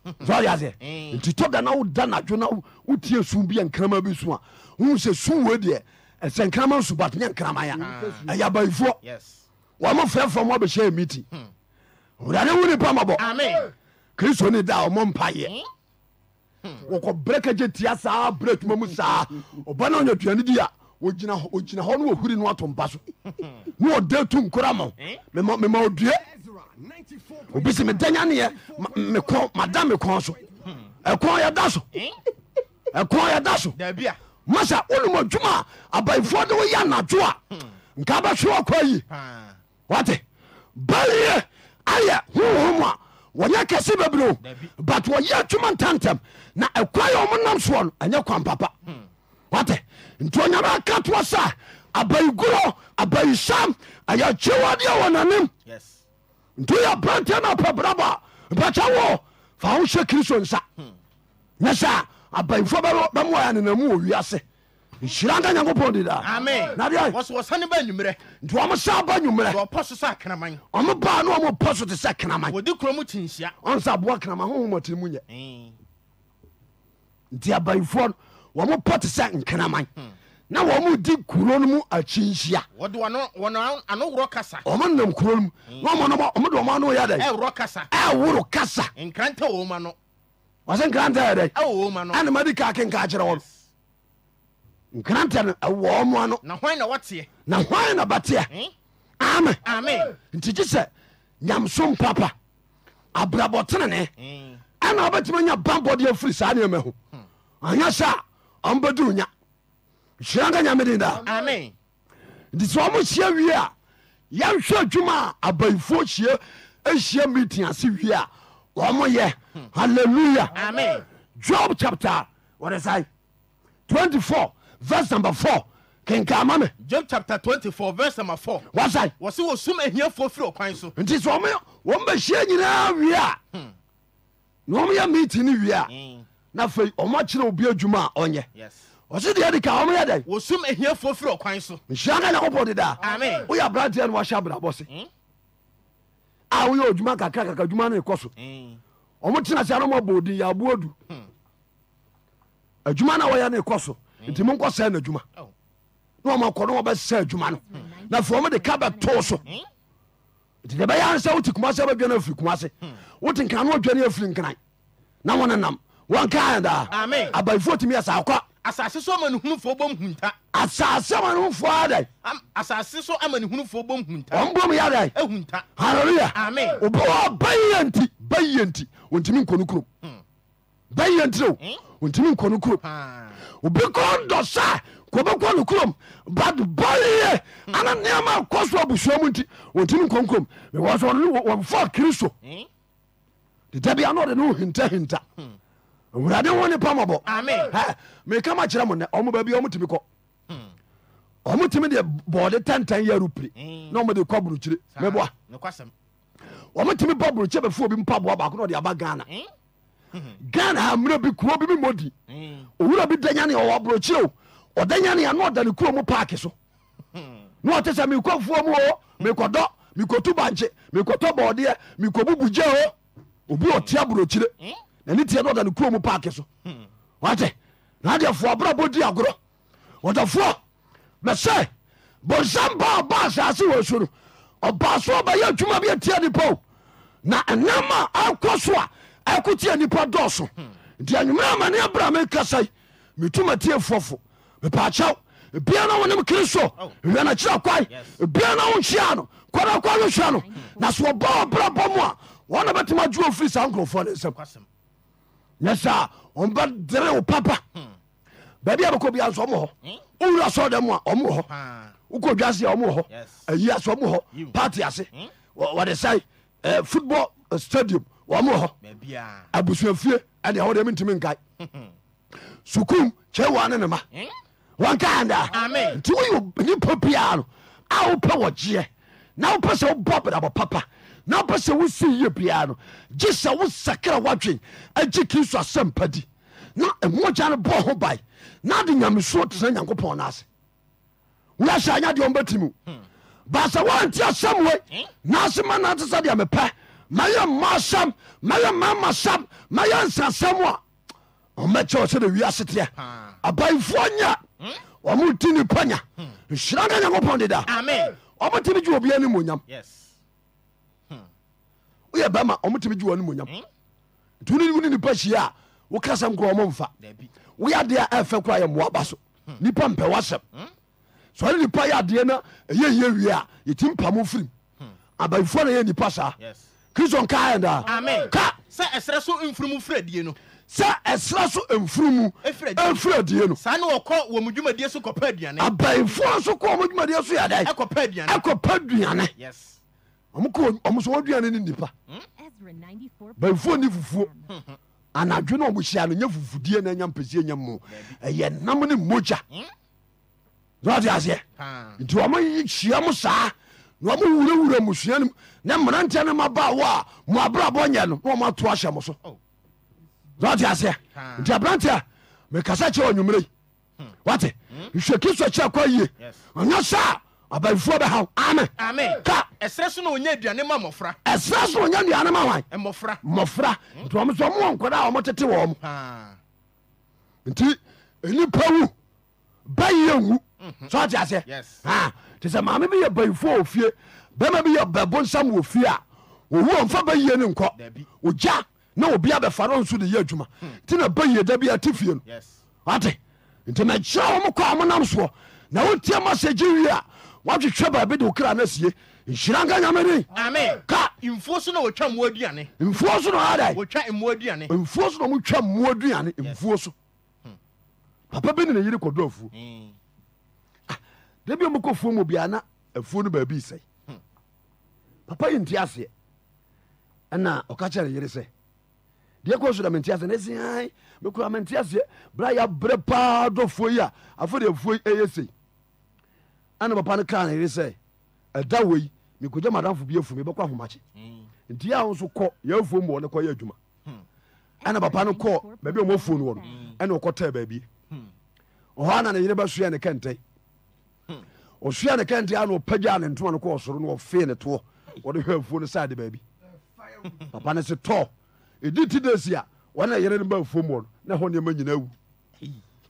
sɔɔde aseɛ nti tɔ da na woda nadwo na wotie su bi yɛ nkrama bi su a wohu sɛ su wei deɛ ɛsɛ nkrama su batene nkraman a ah. ɛyɛ abayifoɔ wɔmo frɛfrɛ mo abɛhyɛ yɛ meeting ɔdade hmm. wo nipa mabɔ kristo ne da ɔmo mpayɛ wɔkɔ brɛ kagye tia saa brɛ atuma mu saa ɔba no ɔnya aduane di a ogyina hɔ no wɔhuri no ato mpa so ne ɔda tu nkora ma eh? mema ɔdue obi sɛ medanyaneɛ mada mekɔn so hmm. ɛkɔn yɛda so eh? ɛkɔn yɛda so masa wonom adwuma a abayifoɔ de woyɛ anadwo a hmm. nka bɛhwere ɔkɔ yi wate baliɛ ayɛ hohom a woye kesi bebro but woye atwuma ntamtem na koa yomonam sono ɛnye kwan papa hmm. nti oyame aka tuwa sa abai gro abai sam ayachewadeawonanim ntiy brantna pabraba pacawo faoshye kristo nsa esa hmm. abafo bmoanenamuwiase nhyira nka nyankopɔn didaansane ba nwumerɛ nti ba ne ɔmo so te sɛ kraman wɔde kurom tinhyia mu nyɛ hmm. nti abayifoɔ no te sɛ nkraman na wɔmo di kuro no mu akyinhyia ɔmo nam kuro no mu hmm. na ɔmɔnomɔ ɔmo de ɔmo kasa wɔsɛ nkranta yɛ dɛ kaa kenka kyerɛ wɔno nkrantɛ no ɛwɔ moa no na hwan na wɔteɛ na hwan na bɛteɛ hmm? ame nti gye sɛ nyamsom papa abrabɔ tenene hmm. ɛna wobɛtumi anya bampɔde afiri saa nneɛma ho ɔnyɛ hmm. sɛ a ɔmbɛduru nya hyira nka nyameden daa nti sɛ ɔmo hyia wie a yɛhwɛ adwuma a abayifoɔ hyia ahyia meeting ase wie a ɔmo yɛ hallelujah job chapter wɔde sae 24 verse number four kenka ma me. chapter twenty four verse number four. wasaɛ. wɔsi wɔ sum ehiafo firi ɔkwan so. nti sɛ wɔn wɔn bɛ hyia nyinaa wia hmm. na wɔn yɛ miiti ni wia hmm. na afei wɔn akyerɛ obi adwuma a ɔnyɛ. wɔsi deɛ di ka wɔn yɛ dɛ. wɔ sum ehiafo firi ɔkwan so. nhyia ka nyakopɔ deda. amen. woyɛ aberanteɛ no wahyɛ abrabɔ se. Hmm? a woyɛ odwuma kakra kakra adwuma no ekɔ so. wɔn tena se anamɔ bɔ odi yabu odu. adwuma na wɔyɛ no ekɔ nti monkɔ sɛ no adwuma oh. na ɔmakɔ no wɔbɛsɛ adwuma no hmm. na afei ɔmode ka bɛtoo so hmm. nti deɛ ɛbɛyɛ sɛ wote kuma sɛ wobɛdwane afiri kuma se hmm. wote nkra no wɔdwane afiri nkran na wɔne nam wɔnkaa daa abayifoɔ tumi asa akɔ asase so amanehunufoɔ bom hunta asase amanehunufoɔ adɛ asase so amanehunufoɔ bom hunta Hallelujah. yɛ adɛ ahunta halleluya Bayi bayɛ nti bayɛ nti ɔntimi nkɔ no kurom bayɛ ntire o ɔntimi nkɔ no kurom obi kɔ dɔ sa kɔbɛkɔ no kurom but bɔyɛ ana nneɛma kɔ so abusua mu nti wɔntimi nkonkom because wɔfa kristo hmm? deda hmm. bia hmm. na ɔde ne hintahinta wurade ho ne pamɔbɔ meka ma kyerɛ mo nɛ ɔmo baabi ɔmo tumi kɔ ɔmo tumi deɛ bɔɔde tantan yɛ rupire na ɔmo de kɔ burukyire mɛboa ɔmo tumi bɔ burukyire bɛfo obi mpaboa baako na ɔde aba ghana ghana ammerɛ bi kuo bi memɔdi hmm. owura bi danyanea ɔwɔ aborɔkyio ɔdanyanea na ɔdane kuro mu paake so hmm. na ɔte sɛ mekɔfoɔ mu o mekɔdɔ tu bankye mekɔtɔ bɔɔdeɛ mekɔbubu gya o obi ɔte aborɔkyire nane hmm. tiɛ na ɔdane kuro mu paake so wate nadeɛ foɔ abrabɔ di agorɔ ɔdafoɔ mɛsɛ bonsam ba ɔba asase wɔ su no ɔba so ɔbɛyɛ adwuma bi atia nipa o na ɛnam a akɔ so a akotia nipa dɔso nti awumera amane abra me mekasai metuma tie fofo mepakyɛw na wonem kristo oh. wanakyerɛ kwai biana wo nhyia no kɔda kwa wohwɛ no na so wɔba ɔbrabɔ mu a wɔna bɛtumi agye firi saa nkurɔfoɔ no nsɛm nyɛ sɛ a ɔmbɛdere wo papa hmm. baabi a bɛkɔ bia nso ɔmo hɔ hmm? wowura sɔ dɛ mu a ɔmo hɔ wokɔ dwase a ɔmo hɔ ayi ase ɔmo hɔ party ase hmm? wɔde sɛe eh, football eh, stadium wɔmo hɔ abusuafie ɛne wode mentimi nkae sukum kyɛ wa ne ne ma wankaanda nti woyɛ nipa biaa no a wopɛ wɔgyeɛ na wopɛ sɛ wobɔ brabɔ papa na wopɛ sɛ wosi yie biaa no gye sɛ wo sakra woadwen agye kristo asɛm pa di na mmogya no bɔ ho bae na de nyamesuo te sɛ nyankopɔn no ase woahyɛ anya deɛ ɔmbɛtimu hmm. ba sɛ woanti asɛm wei naase ma nante sɛ deɛ mepɛ mayɛ mma sam mayɛ mama sam mayɛ nsasɛm a ɔmɛkyɛ ɔ sɛde wiase teɛ abayifoɔ nya ɔmoti hmm? nipa nya nhyira hmm. nka nyankopɔn dedaa ɔmotimi gye obia ne monyam woyɛ bɛma ɔmotimi gye wɔ ne monyam nti wone nipa hyia a woka sɛm kora ɔmo mfa woyɛ adeɛ a ɛfɛ kora yɛ mmoaba so hmm. nipa mpɛ wasɛm sɛ nipa yɛ adeɛ no ɛyɛ yɛ wie a yɛtim pa firim abayifoɔ na yɛ nipa saa kristo nka yɛn daa sɛ ɛsrɛ so mfurumu firadie no sɛ ɛsrɛ so mfurumu no saa ne wɔkɔ wɔ mu dwumadie so kɔpɛ aduane abayifoɔ nso kɔ ɔmo dwumadie so yɛ dɛ ɛkɔpɛ aduane ɛkɔpɛ aduane ɔmo so wɔn ne nipa bayifoɔ ni fufuo anadwo na ɔmo hyia no nyɛ fufudie na nya mpɛsie nya mu ɛyɛ nam ne mogya zɔn hmm? ti aseɛ nti ɔmo hyia mo saa na ɔmo wurawura musua no mu na mmeranteɛ no maba wo a mo abrabɔ nyɛ no na ɔmato ahyɛ mo so oh. sɛ aseɛ nti aberanteɛ mekasa kyerɛ ɔnwummerɛ yi hmm. wate hmm. nhwɛ kristo kyerɛ kɔ yie ɔnyɛ sɛ a abayifoɔ bɛhaw ame ka ɛsrɛ so na ɔnya aduane ma mmɔfra ɛsrɛ so na ɔnya aduane ma wan mmɔfra mmɔfra hmm. nti ɔmo sɛ ɔmowɔ nkɔda a ɔmotete wɔ mo nti nnipa wu bɛyɛ ngu mhm. sɛ ɔte aseɛ nti sɛ maame bi yɛ bayifoɔ ofie bɛma bi yɛ bɛbo nsam wɔ fie a ɔwu ɔmfa bɛyie no nkɔ ogya na obia bɛfare nso de yɛ adwuma hmm. nti na bɛyie da bi ate fie no ate nti mekyerɛ wo mo kɔ a monam soɔ na wotie masɛgye wie a woatwetwɛ baabi de wo kra sie nhyira nka nyamene ka mfuo so na wɔtwa mmoa aduane mfuo so na ada mfuo so na motwa mmoa aduane mfuo so hmm. papa bi ne ne yere kɔdɔ afuo hmm. ah, da bi ɔmokɔ fuo mu biaa na afuo no baabi sɛe papa yi nti aseɛ ɛna ɔka kyerɛ yere sɛ deɛ kɔ so da mente aseɛ ne sɛ mekura mente aseɛ bra yɛabrɛ paa dɔfoɔ yi a afɔ de afuo ɛyɛ sei ɛna papa no kaa ne yere sɛ ɛda wɔ yi mekɔgya madamfo bi afu mebɛkɔ ahomakye hmm. nti yɛ a wo nso kɔ yɛafuo mu wɔ ne kɔyɛ adwuma hmm. ɛna papa no kɔ baabi a ɔmafuo no wɔ no hmm. ɛna ɔkɔtɛɛ baabie ɔhɔ ana ne yere bɛsoɛ ne kɛntɛn ɔsoɛ ne kɛntɛn ana ɔpagyaa ne ntoma no kɔ ɔsoro no ɔfee ne toɔ wɔde hwɛ afuo no side baabi papa no se tɔ ɛdi ti da si a wɔne yere no ba afuo mu no na ɛhɔ nneɛma nyina awu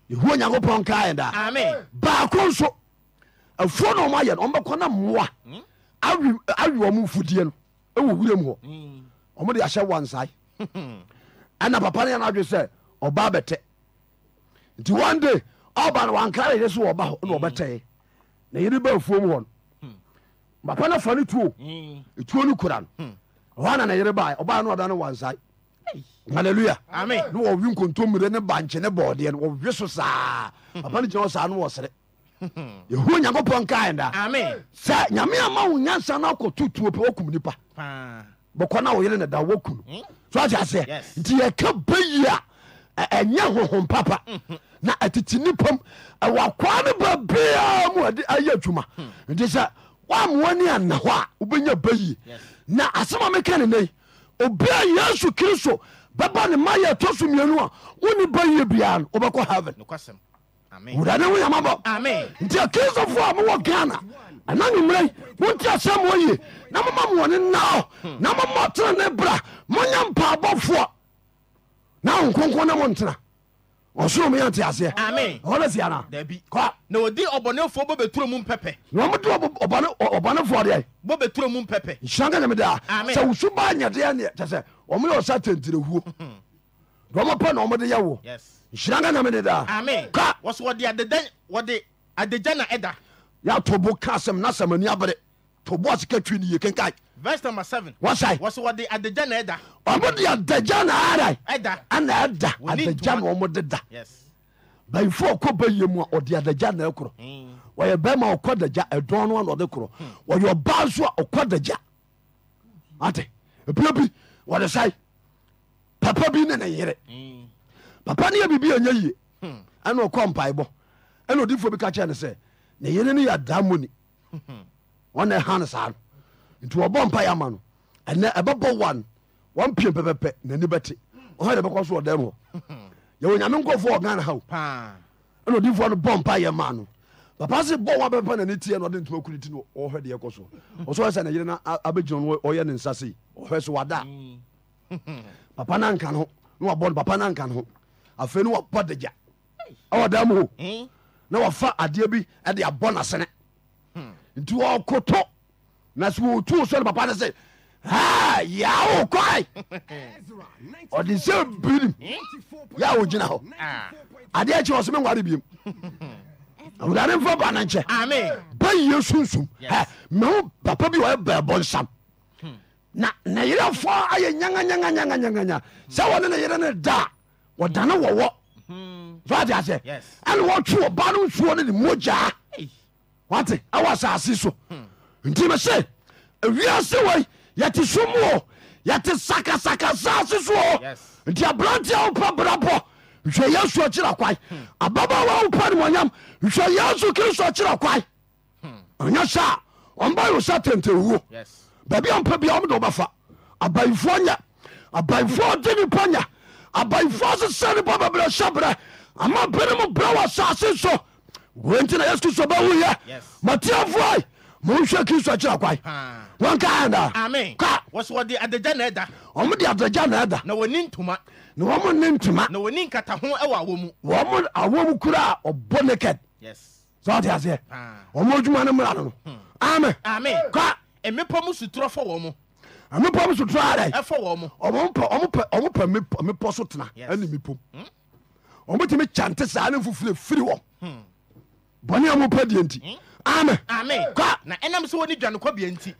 yɛhu onyankopɔn kaɛ daa baako nso afuo no ɔma ayɛ no ɔmbɛkɔ na mmoa awe ɔmo mfudie no ɛwɔ wuram hɔ ɔmo de ahyɛ wansae ɛna papa no yɛ no adwe sɛ ɔba bɛtɛ nti one day ɔba no wankra yere so wɔba hɔ hmm. na ɔbɛtɛe na yere ba afuo mu hɔ no bapa no fa no tuo ɛtuo hmm. no kura no hmm. ɔhɔ na ne yere ba ɔbaa no ɔda no wansae halleluya amen ne wɔwe nkontommire ne bankye ne bɔɔdeɛ no wɔwe so saa papa no gyina hɔ saa no wɔsere hmm. yɛhu nyankopɔn kaɛ da sɛ nyame ama wo nyansa no akɔ totuo pɛ wakum nipa bɔkɔ no woyere ne da wakum so ate aseɛ nti yɛka bɛyi a ɛnyɛ honhom papa mhm. na ɛtete nipam ɛwɔ akwaa no babia mu ade ayɛ adwuma nti sɛ woamoani ana hɔ a wobɛnya bɛyie na asɛm a meka ne nai obia yesu kristo bɛba ne ma yɛ ɛtɔ so mmienu a wone bɛyie biara no wobɛkɔ heaven wurade wo yamabɔ nti akristofoɔ a mowɔ ghana ɛna nwummerɛ monti asɛm wɔ yie na moma mowɔne nnaɔ hmm. na momɔ tena ne bra monyɛ mpaabɔfoɔ na wo nkonkon ne mo ntena ɔsoro mu yɛ nte aseɛ ɔne si ana na wɔde ɔbɔnefoɔ bɔ bɛturo mu mpɛpɛ na wɔmde ɔbɔnefoɔ deɛ bɔ bɛturo mu mpɛpɛ nhyira nka nyame daa sɛ wosu baa nyadeɛ neɛ kyɛ sɛ ɔmo yɛ ɔsa tentirɛhuo mhm. na ɔmopɛ na ɔmode yɛ wo nhyira nka nyame de daa ka wɔso wɔde adeda wɔde adegya na ɛda yɛato bo ka asɛm na sɛm ani abere to bo aseka twi ne yɛ kenkae verse number seven. wọ́n sáyé. wọ́n sọ wọ́n di adagya na ẹ̀dá. ọmọ di adagya na ara. ẹ̀dá. ẹna ẹ̀dá adagya na ọmọ di da. bẹyìfọ ọkọ bẹyẹ mu a ọdi adagya na ẹkọrọ wọyẹ bẹẹma ọkọ adagya ẹdọn no ọna ọdi kọrọ wọyẹ ọbaa nso a ọkọ adagya ate ebile bi wọde sáyé papa bi ne ne yere hmm. papa ne yɛ biribi a ɛnyɛ yie hmm. ɛna ɔkɔ mpaebɔ ɛna odiifoɔ bi ka kyerɛ ne sɛ ne yere no yɛ adaamoni hmm. wɔn na ɛha no saa nti wɔbɔ mpa yɛ ama no ɛnɛ ɛbɛbɔ wa no wampie pɛpɛpɛ nani bɛte ɔha yɛ bɛkɔ so ɔdan mu hɔ hmm. yɛwɔ nyame nkɔfoɔ ɔgan ha o ɛna odiifoɔ no bɔ mpa yɛ ma no papa se bɔ wa bɛpɛ nani tiɛ na ɔde ntoma kuri ti no ɔhwɛ deɛ ɛkɔ so ɔsɔ ɛsɛ na yere na abɛgyina no ɔyɛ ne nsa sei ɔhwɛ so wada hmm. papa no anka no na wabɔ no papa no anka no ho afei ne wabɔ dagya ɛwɔ dan mu hɔ hmm. na wafa adeɛ bi ɛde abɔ n'asene nti wɔkoto na sɛ wɔtu sɔre papa no sɛ yawo kwae ɔde sɛ birim yɛ wo gyina hɔ ah. adeɛ akyi ɔsɛ menware biam awurade mfa ba no nkyɛ bɛyɛ sunsum meho papa bi wɔyɛ bɛɛbɔ nsam hmm. na ne yerɛfo ayɛ nyanganyanganyanganyanganyan sɛ wɔne ne yere ne da a wɔdane wɔwɔ hmm. so ate aseɛ ɛne wɔtwe wɔ ba no nsuo no ne mogyaa wate ɛwɔ asase so hmm. nti mese wiase wei yɛte somuo muo yɛte sakasaka sase soɔ nti abrantia wopa brabɔ nhwɛ yesu akyira kwae ababawa wopa wanyam nhwɛ yesu kristo akyira kwae hmm. ɔnyɛ sɛ a ɔmba yo sɛ tentewuo baabi ɔmpa bia ɔmde wobɛfa abayifoɔ nyɛ abayifoɔ de nipa nyɛ abayifoɔ sesɛ nipa bɛbrɛ hyɛ brɛ ama bene mu brɛ wɔ sase so wenti na yesu kristo bɛwuyɛ matiafoai monhwɛ kristo akyerɛ kwae wɔnkaɛdaa wɔde adagya na ɛda ɔmode adagya na ɛda na wɔni ntoma na wɔmo ne ntoma na wɔni nkataho wɔ awɔ mu wɔmo awɔ mu kura a ɔbɔ naked sɛ ɔte aseɛ ɔmo adwuma no mmra no no hmm. ame ka mmepɔ mu suturɔ fɔ wɔ mu mmepɔ mu suturɔ adɛ ɛfɔ wɔ mu ɔmo pɛ mmepɔ so tena ɛne mmepɔ hmm. ɔmotumi kyante saa ne mfufire firi wɔ hmm. bɔne a mopɛ deɛ nti sankbmtmbebemtme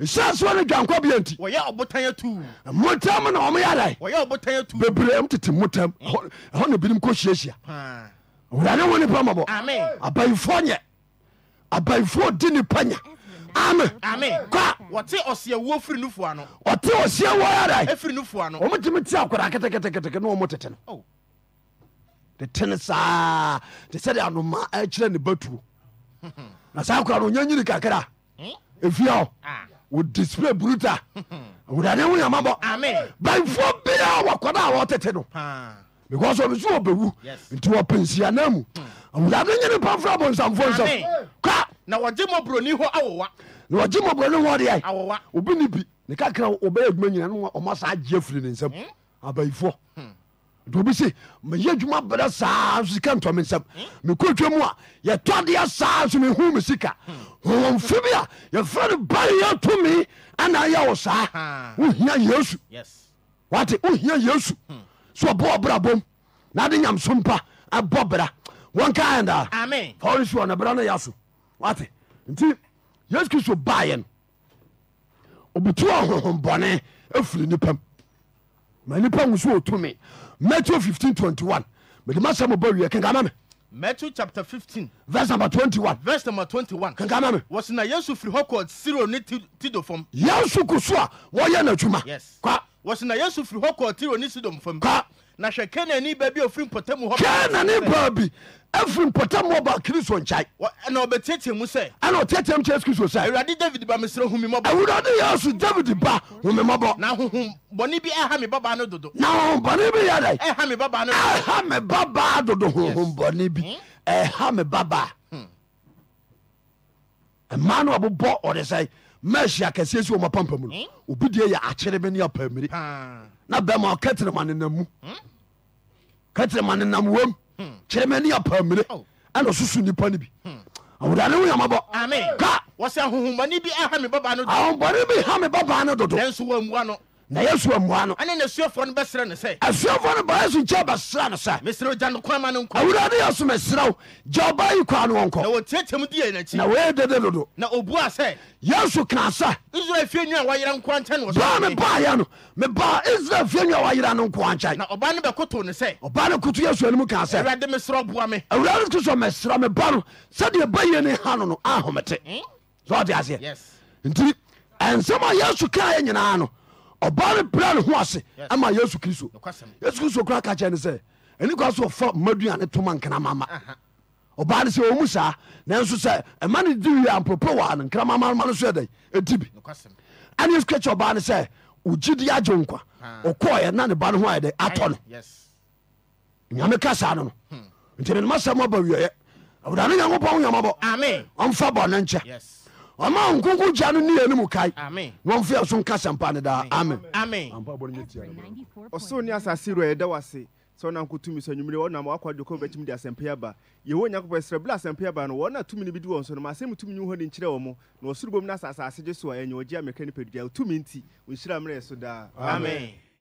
bsspby bfo dne pyatmetkketete eten sa see anma rene batuo na saa kora no ɔnya nyini kakra ɛfia hmm? ah. wo display bruta wurade ho yamabɔ bamfoɔ biaa wɔkɔda a wɔtete no because ɔno so wɔbɛwu nti wɔpensiana mu hmm. wurade nyene pamfra bɔnsamfoɔ nsɛm ka na wɔgye mɔborɔni hɔ awowa na wɔgye mɔborɔni hɔ deɛ obi ne bi ne kakra wɔbɛyɛ adwuma nyina no ɔma saa gyea firi ne nsɛm hmm? abayifoɔ obi se meyɛ adwuma brɛ saa so sika ntɔ me nsɛm mekɔtwa mu a yɛtɔdeɛ saa so mehu me sika wɔmfe bi a yɛfrɛ no bayɛ tumi ana yɛ wo saa wohia yesu wate wohia yesu hmm. so ɔbɔ ɔbra bom na de nyamso mpa ɛbɔ bra wɔnka ɛndaa fa wore so ɔne bra no yɛ so wate nti yesu kristo baeɛ no obutu ɔhohombɔne afiri nipam menipa muso wo tumi matthew 1521 medemse mo bowi kenkamam5v n21ya suko soa woyana dwuma na hwɛ kenani baabi a ɔfiri mpɔtamu hɔ kanane baa bi afiri mpɔtam wɔ ba kristo nkyae Wɔ- na ɔbɛtiatia mu sɛ ɛna ɔteateam kyerɛ kristo sɛ awurade david ba mesrɛ hu me mmɔbɔ awurade yesu david ba homemɔbɔ na ahohom bɔne bi ɛha me babaa no dodo na hombɔne bi yɛ dɛn ɛha me babaa no dodo ɛha me babaa dodo honhombɔne bi hmm? ɛha me babaa hmm. ɛma no ɔbobɔ ɔde sɛ mahyia kɛseɛ si ɔma pampa no hmm? obi deɛ yɛ akyere me ne apammiri na bɛma keterema nenam mu keterema nenam wom kyerɛ mani apammire oh. ɛna ɔsusu nnipa no bi hmm. awurade wo yamabɔ ka wɔsɛ ahohombɔne bi Ahami me baba no dodo ahohombɔne bi ha baba no dodo nanso wammua no ysuaasuaf kisranosawrso mesrɛ aba ks kasaaslaea nsa yasu ka yinano ɔba ne bra ne ho ase ama yesu kristo yesu kristo kora ka kyɛ ne sɛ ɛni kwa mmadu ɔfa maduane toma ma ɔba ne sɛ ɔmu saa nanso sɛ ɛma ne di wie ampopo wɔ no nkramama ma no so ɛdɛn ɛdi bi ɛne yesu ka kyɛ ɔba ne sɛ ogyidi agye nkwa ɔkɔɔyɛ na ne ba ne ho ayɛ dɛ atɔ no nyame ka saa no no hmm. nti menoma sɛm aba wieɛ awurade nyankopɔn wo nyamabɔ ɔmfa bɔne nkyɛ ɔma nkonko gya no ne yɛne mu kae wɔmfea so nka sɛmpa no daa amen ɔsoro asase wurɛ yɛda w sɛ ɔna nkotumi sɛ nwumere ɔnam wakɔ adwokɔ bɛtumi de asɛmpa aba yɛhɔ onyankopɔn ɛsrɛ bla asɛmpa aba no wɔna tumi no bi di wɔn so no asɛm tumi no ne nkyerɛ wɔ mu na ɔsoro bom no asase gye so a ɛnyɛ ɔgye amɛka nipadua tumi nti ɔnhyira mmerɛ so daa amen, amen. amen. amen.